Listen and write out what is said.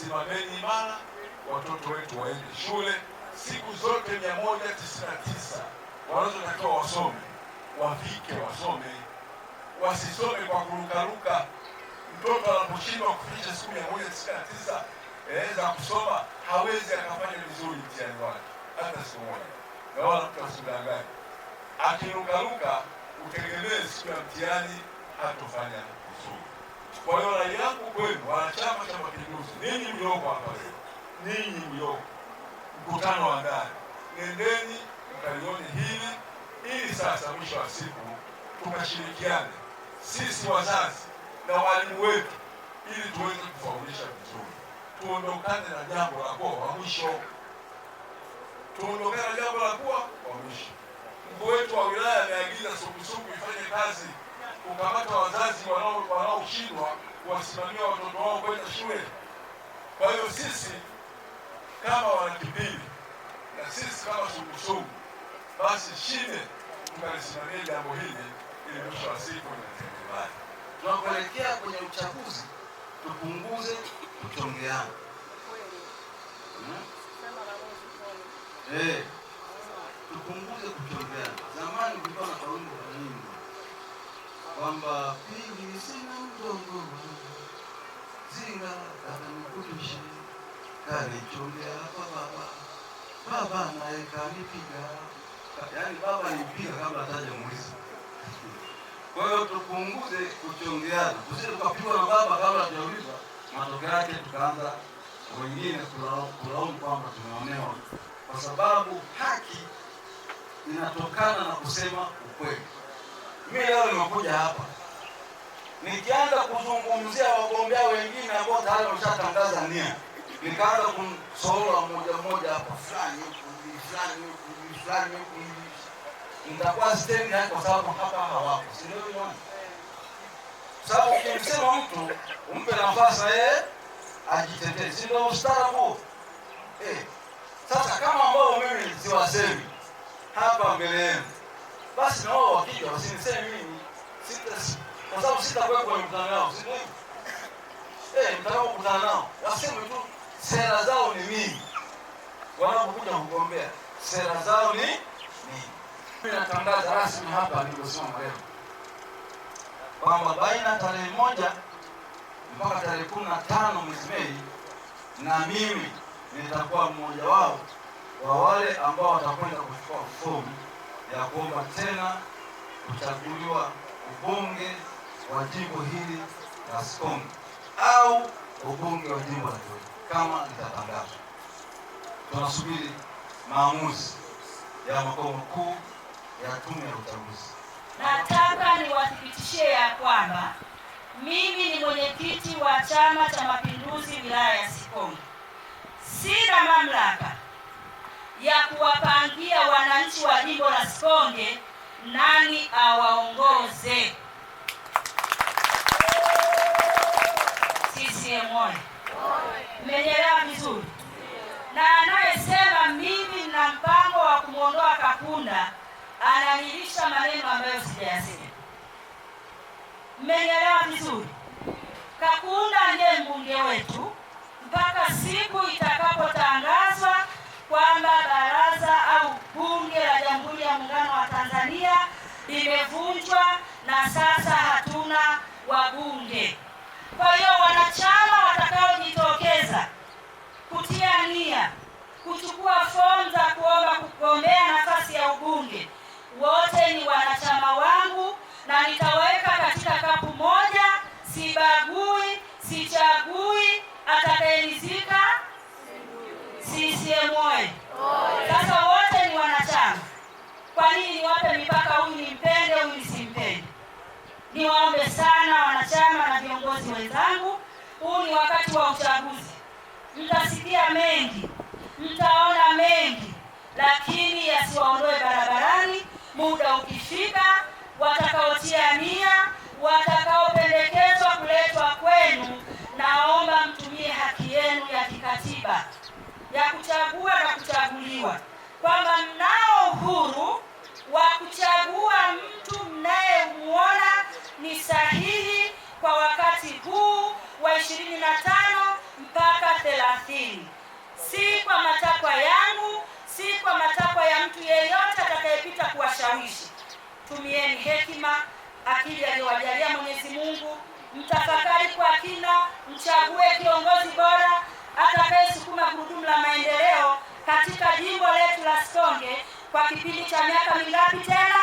simameni imara, watoto wetu waende shule siku zote mia moja tisini na tisa wanazotakiwa wasome, wafike wasome, wasisome kwa kurukaruka. Mtoto anaposhindwa kufikisha siku mia moja tisini na tisa za kusoma hawezi akafanya vizuri mtihani wake hata siku moja, na wala mtu asidanganye. Akirukaruka utegemee siku ya mtihani hatofanya vizuri. Kwa hiyo rai yangu kwenu wanachama cha mapinduzi, ninyi mlioko hapa leo, ninyi mlioko mkutano wa ndani, nendeni mkalione hili, ili sasa mwisho wa siku tukashirikiane sisi wazazi na walimu wetu, ili tuweze kufaulisha vizuri, tuondokane na jambo la kuwa wa mwisho, tuondokane na jambo la kuwa wa mwisho. Mkuu wetu wa wilaya ameagiza sukusuku ifanye kazi kukamata wazazi kushindwa kuwasimamia watoto wao kwenda shule. Kwa hiyo sisi kama Wanakipili na sisi kama Sugusugu, basi shime tukalisimamia jambo hili ili mwisho wa siku linatekelezwa. Tunakuelekea kwenye uchaguzi, tupunguze kuchongeana. Hmm? Eh, tupunguze kuchongeana. Zamani kulikuwa na kauli nyingi kwamba pigi zina mgongo zinga kanamkudusha kanichulia kwa baba baba naye kanipiga, yaani baba nipiga kabla ataja mwizi. Kwa hiyo tupunguze kuchongeana, tusije tukapigwa na baba kabla tujauliza matokeo yake tukaanza wengine kulaumu kwamba tumeonewa, kwa sababu haki inatokana na kusema ukweli mi leo nimekuja hapa nikianza kuzungumzia wagombea wengine ambao tayari wameshatangaza nia, nikaanza kusoola moja moja hapa, fulani huku, fulani huku, fulani huku, nitakuwa stendi yani, kwa sababu hapa hawako, si ndio? Kwa sababu ukimsema mtu umpe nafasi yeye ajitetee, si ndio ustaarabu eh? Sasa kama ambao mimi siwasemi hapa mbele yenu basi na wao wakija wasiniseme mimi sita, kwa sababu sitakuwa kwenye mkutano wao, si Eh, mtakao kukutana nao waseme tu sera zao ni mimi wanapokuja kugombea sera zao ni nini. Mimi natangaza rasmi hapa niliposema leo kwamba baina tarehe moja mpaka tarehe kumi na tano mwezi Mei na mimi nitakuwa mmoja wao wa wale ambao watakwenda kuchukua fomu ya kuomba tena kuchaguliwa ubunge wa jimbo hili la Sikonge au ubunge wa jimbo la Iwele kama litatangazwa. Tunasubiri maamuzi ya makao makuu ya tume ya uchaguzi. Nataka niwathibitishie ya kwamba mimi ni mwenyekiti wa Chama cha Mapinduzi wilaya ya Sikonge, sina mamlaka ya kuwapangia wananchi wa jimbo la Sikonge nani awaongoze. CCM oyee! Mmenielewa vizuri? Na anayesema mimi na mpango wa kumwondoa Kakunda ananilisha maneno ambayo sijayasema. Mmenielewa vizuri? Kakunda ndiye mbunge wetu mpaka siku ita sasa hatuna wabunge. Kwa hiyo wanachama watakaojitokeza kutia nia kuchukua fomu za kuomba kugombea nafasi ya ubunge wote ni wanachama wangu, na nitawaweka katika kapu moja, sibagui, sichagui atakayenizika CCM oye! niwaombe sana wanachama na viongozi wenzangu, huu ni wakati wa uchaguzi. Mtasikia mengi, mtaona mengi, lakini yasiwaondoe barabarani. Muda ukifika, watakaotia nia thelathini, si kwa matakwa yangu, si kwa matakwa ya mtu yeyote atakayepita kuwashawishi. Tumieni hekima, akili aliyowajalia Mwenyezi Mungu, mtafakari kwa kina, mchague kiongozi bora atakayesukuma gurudumu la maendeleo katika jimbo letu la Sikonge kwa kipindi cha miaka mingapi tena?